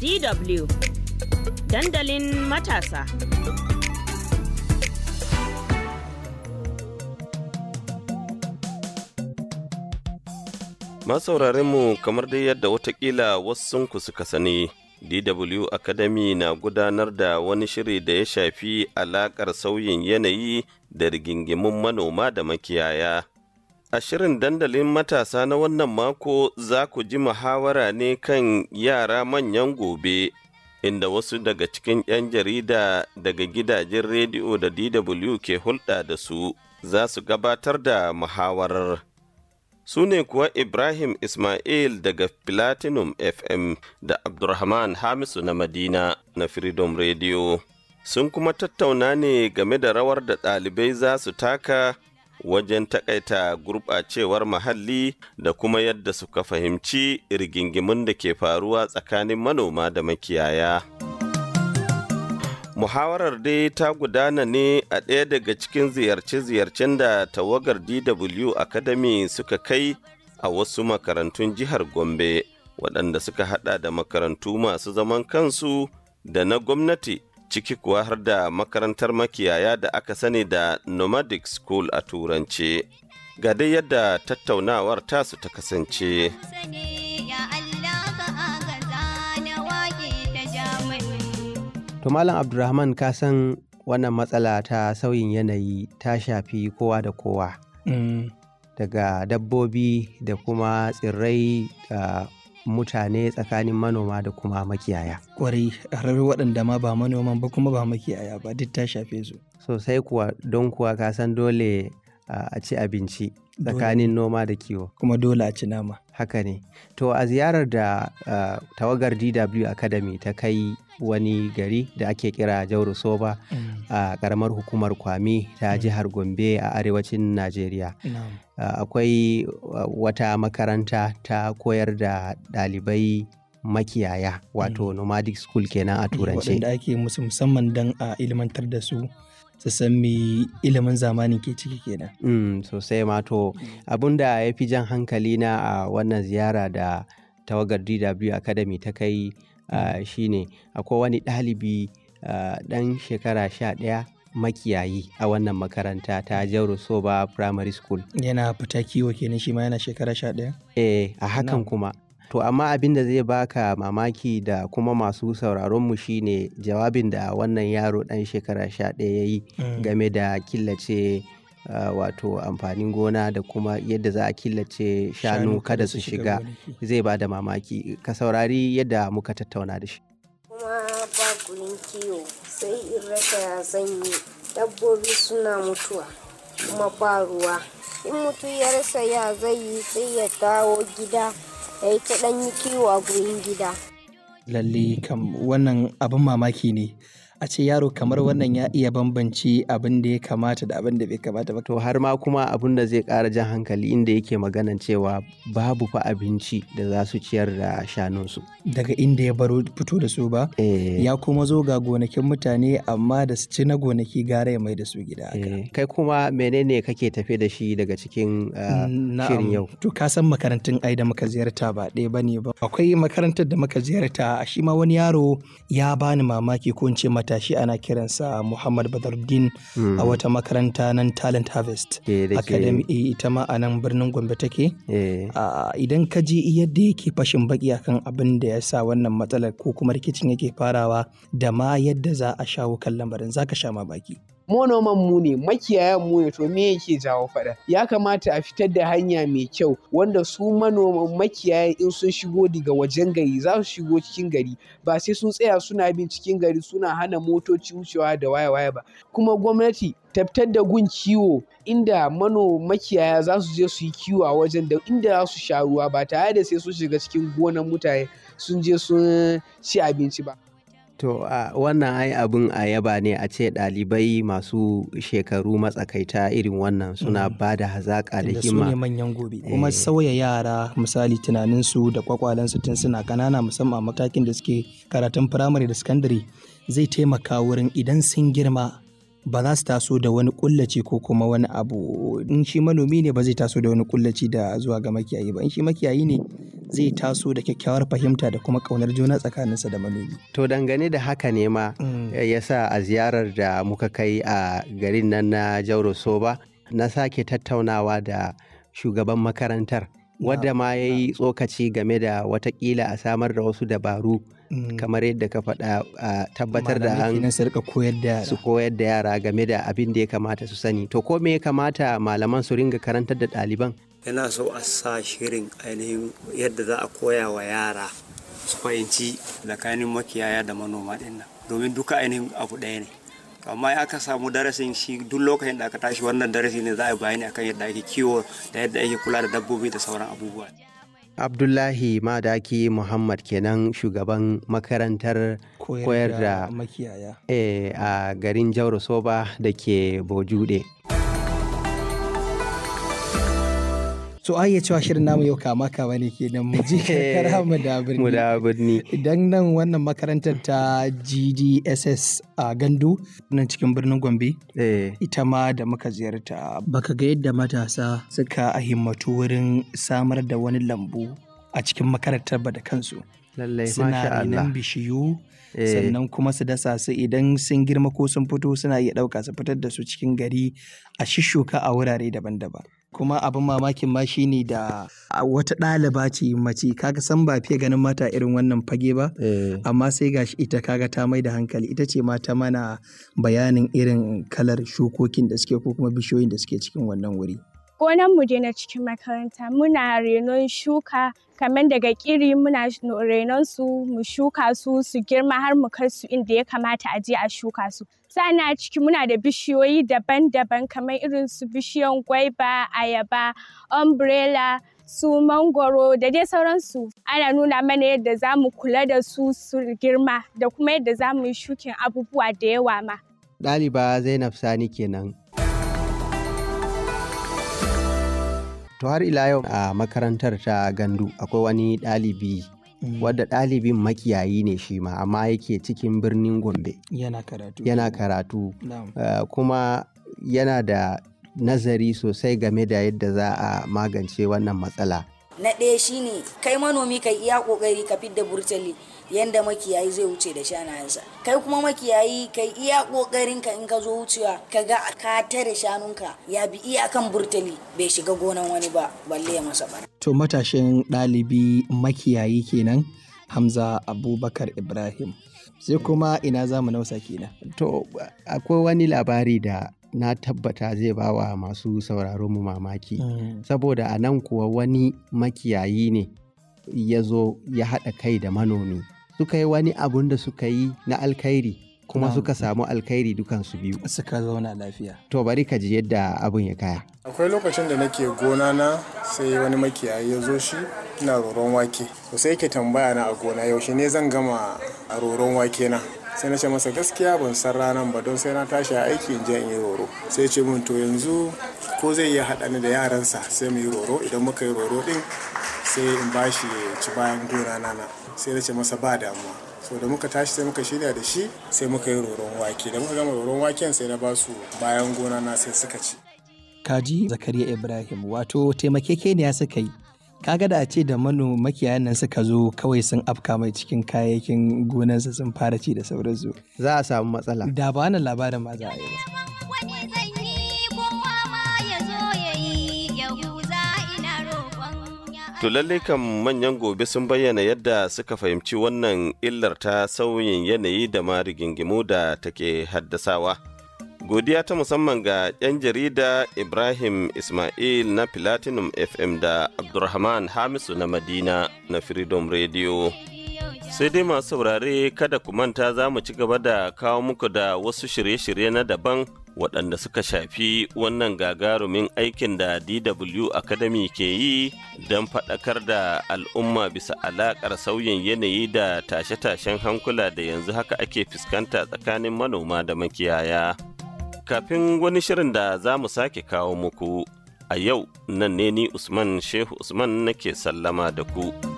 DW dandalin matasa. masaurarinmu kamar dai yadda watakila wasu wasunku suka sani DW Academy na gudanar da wani shiri da ya shafi alaƙar sauyin yanayi da rigingimun manoma da makiyaya. A shirin dandalin matasa na wannan mako za ku ji muhawara ne kan yara manyan gobe, inda wasu daga cikin 'yan jarida daga gidajen rediyo da DW ke hulɗa da su za su gabatar da muhawarar. Su ne kuwa Ibrahim Ismail daga Platinum FM da Abdurrahman Hamisu na Madina na Freedom Radio. Sun kuma tattauna ne game da rawar da ɗalibai za su taka wajen takaita gurɓacewar muhalli da kuma yadda suka fahimci rigingimun da ke faruwa tsakanin manoma da makiyaya. Muhawarar dai ta gudana ne a ɗaya daga cikin ziyarce-ziyarcen da tawagar DW Academy suka kai a wasu makarantun jihar Gombe waɗanda suka haɗa da makarantu masu zaman kansu da na gwamnati ciki kuwa har da makarantar makiyaya da aka sani da nomadic school a turance ga dai yadda tattaunawar tasu ta kasance to malam abdulrahman ka san wannan matsala ta sauyin yanayi ta shafi kowa da kowa mm. daga dabbobi da kuma tsirrai da mutane tsakanin manoma da kuma makiyaya. Kwarai, harar waɗanda ma ba manoman ba kuma ba makiyaya ba duk ta shafe su. Sosai kuwa don kuwa ka san dole a ci abinci tsakanin noma da kiwo. Kuma dole a ci nama. Haka ne. To a ziyarar da uh, tawagar DW Academy ta kai wani gari da ake kira Jauro Soba mm. a karamar hukumar Kwami ta mm. jihar Gombe a arewacin Najeriya. Akwai wata makaranta ta koyar da ɗalibai makiyaya wato mm. nomadic school kenan a turance. Waɗanda ake musu musamman don a ilmantar da su su san me ilimin zamani ke ciki kenan. Mm, sosai mato abun da ya fi jan hankali na a wannan ziyara da tawagar DW Academy ta kai uh, shine akwai wani ɗalibi ɗan shekara sha ɗaya makiyayi a wannan makaranta ta jauro soba primary school yana fita kiwo kenan shi ma yana shekara sha ɗaya? eh a hakan kuma To amma abin da zai baka mamaki da kuma masu sauraron mu shine jawabin da wannan yaro dan shekara sha ɗaya ya yi mm. game da killace ah, wato amfanin gona da kuma yadda za a killace shanu kada su shiga zai ba da mamaki ka saurari yadda muka tattauna da shi kuma ba gurin kiwo sai in rasa ya zanyi dabbobi suna mutuwa kuma ba ruwa in mutum ya rasa ya zai yi sai ya dawo gida ya eh, yi ta ɗan kiwo a gurin gida. Lalle kam wannan abin mamaki ne. a ce yaro kamar wannan ya iya bambanci abin da ya kamata da abin da bai kamata ba to har ma kuma abin da zai kara jan hankali inda yake maganan cewa babu fa abinci da za su ciyar da shanunsu daga inda ya baro fito da su ba eh. ya kuma zo ga gonakin mutane amma da su ci na gonaki gara ya mai da su gida eh, kai kuma menene kake tafe da shi daga cikin ah, shirin yau to ka san makarantun ai da muka ziyarta ba ɗaya bane ba akwai makarantar da muka ziyarta shi ma wani yaro ya bani mamaki ko in ce mata shi ana kiransa Muhammad Badaruddin a mm. wata makaranta nan Talent Harvest eh, Academy eh, ita ma a nan birnin Gombe take. Eh. Idan ka ji yadda yake fashin baki akan abin da ya sa wannan matsalar ko kuma rikicin yake farawa da ma yadda za a shawo kan lamarin zaka sha ma baki. manoman mu ne makiyayan mu ne to me yake jawo faɗa ya kamata a fitar da hanya mai kyau wanda su manoman makiyaya in sun shigo daga wajen gari za su shigo cikin gari ba sai sun tsaya suna bin cikin gari suna hana motoci wucewa da wayawaya waya ba kuma gwamnati tabbatar da gun kiwo inda mano makiyaya za su je su yi kiwo a wajen da inda za su sha ruwa ba tare da sai sun shiga cikin gonan mutane sun je sun ci abinci ba To a wannan ai abin a yaba ne a ce ɗalibai masu shekaru matsakaita irin wannan suna mm. ba da hazaƙa da himma. su ne manyan gobe. Kuma eh. sauya yara misali tunaninsu da kwakwalensu tun suna ƙanana musamman a matakin da suke karatun firamare da sakandare zai taimaka wurin idan sun girma ba za su taso da wani kullaci ko kuma wani abu in shi manomi ne ba zai taso da wani kullaci da zuwa ga makiyayi ba in shi makiyayi ne zai taso da kyakkyawar fahimta da kuma kaunar juna tsakaninsa da manomi to dangane da haka ne ma mm. eh, ya sa a ziyarar da muka kai a garin nan na jauro soba na sake tattaunawa da shugaban makarantar wadda ma ya yi tsokaci game da watakila a samar da wasu dabaru mm. kamar yadda ka faɗa a tabbatar da an su koyar da yara game da abin da ya kamata su sani to ko me ya kamata malaman su ringa karantar da ɗaliban yana so a sa shirin ainihin yadda za a koya wa yara su fahimci tsakanin makiyaya da manoma ɗin nan domin duka ainihin abu ɗaya ne amma ya aka samu darasin shi duk lokacin da aka tashi wannan darasin ne za a bayani akan yadda ake kiwo da yadda ake kula da dabbobi da sauran abubuwa abdullahi madaki muhammad kenan shugaban makarantar koyar da makiyaya eh, a garin jauro soba da ke bojude. So a iya cewa shirin namu yau kama kama ne kenan mu je karkara mu da birni. Mu birni. Idan nan wannan makarantar ta GDSS a Gandu nan cikin birnin Gombe. Eh. Ita ma da muka ziyarta baka ga yadda matasa suka himmatu wurin samar da wani lambu a cikin makarantar ba da kansu. Lallai Suna nan bishiyu eh. sannan kuma su dasa su idan sun girma ko sun fito suna iya ɗauka su fitar da su cikin gari a shishuka a wurare daban-daban. kuma abin mamakin ma shine da wata ɗaliba ce mace kaga san ba fiye ganin mata irin wannan fage ba eh. amma sai gashi ita kaga ta mai da hankali ita ce mata mana bayanin irin kalar shukokin da suke ko kuma bishiyoyin da suke cikin wannan wuri gonan mu dai na cikin makaranta muna renon shuka kamar daga ƙiri muna renon su mu shuka su su girma har mu kai su inda ya kamata a je a shuka su sa'annan a ciki muna da bishiyoyi daban-daban kamar irin su bishiyan gwaiba ayaba umbrella su mangoro da dai sauransu ana nuna mana yadda za mu kula da su su girma da kuma yadda za mu yi shukin abubuwa da yawa ma ɗaliba zainab sani kenan to har ila yau a makarantar ta gandu akwai wani ɗalibi mm. wadda ɗalibin makiyayi ne shi ma amma yake cikin birnin gombe yana yana karatu eh, kuma yana da nazari sosai game da yadda za a magance wannan matsala na ɗaya shine kai manomi kai iya kokari ka fidda burtali yanda makiyayi zai wuce da shanayensa kai kuma makiyayi kai iya kokarin ka in ka zo wucewa ka ga ka tare shanunka ya bi kan burtali bai shiga gonan wani ba balle ya masa bara to matashin ɗalibi makiyayi kenan Hamza Abubakar Ibrahim sai kuma ina zamu mu nausa kenan to akwai wani labari da na tabbata zai ba wa masu sauraron mu mamaki mm. saboda a nan kuwa wani makiyayi ne ya zo ya haɗa kai da manomi suka yi wani abun da suka yi na alkhairi kuma no. suka samu alkhairi dukansu biyu suka zauna lafiya to bari ka ji yadda abun ya kaya akwai lokacin da nake gona na sai wani makiyayi ya zo shi ina roron wake to sai yake tambaya na a gona yaushe ne zan gama a roron wake na sai na ce masa gaskiya ban san ranar ba don sai na tashi a aiki in je in yi roro sai ce mun to yanzu ko zai iya haɗa ni da sa sai mu yi roro idan muka yi roro din sai in bashi ci bayan gona na sai na ce masa ba damuwa so da muka tashi sai muka shirya da shi sai muka yi roron wake da muka gama roron waken sai na ba su bayan gona na sai suka ci kaji zakariya ibrahim wato taimakekeniya suka yi kaga da a ce da manoma makiyayan nan suka zo kawai sun afka mai cikin kayayyakin gonansa sun fara ci da sauransu za a samu matsala da ba wannan labarin ma za a yi ba To lallai kan manyan gobe sun bayyana yadda suka fahimci wannan illar ta sauyin yanayi da ma rigingimu da take haddasawa. godiya ta musamman ga 'yan jarida ibrahim ismail na platinum fm da abdulrahman hamisu na madina na freedom radio sai dai masu saurare kada ku manta za mu ci gaba da kawo muku da wasu shirye-shirye na daban waɗanda suka shafi wannan gagarumin aikin da DW Academy ke yi don faɗakar da al'umma bisa alaƙar sauyin yanayi da tashe-tashen hankula da yanzu haka ake fuskanta tsakanin manoma da makiyaya. Kafin wani shirin da za mu sake kawo muku, a yau nan ne ni Usman Shehu Usman nake sallama da ku.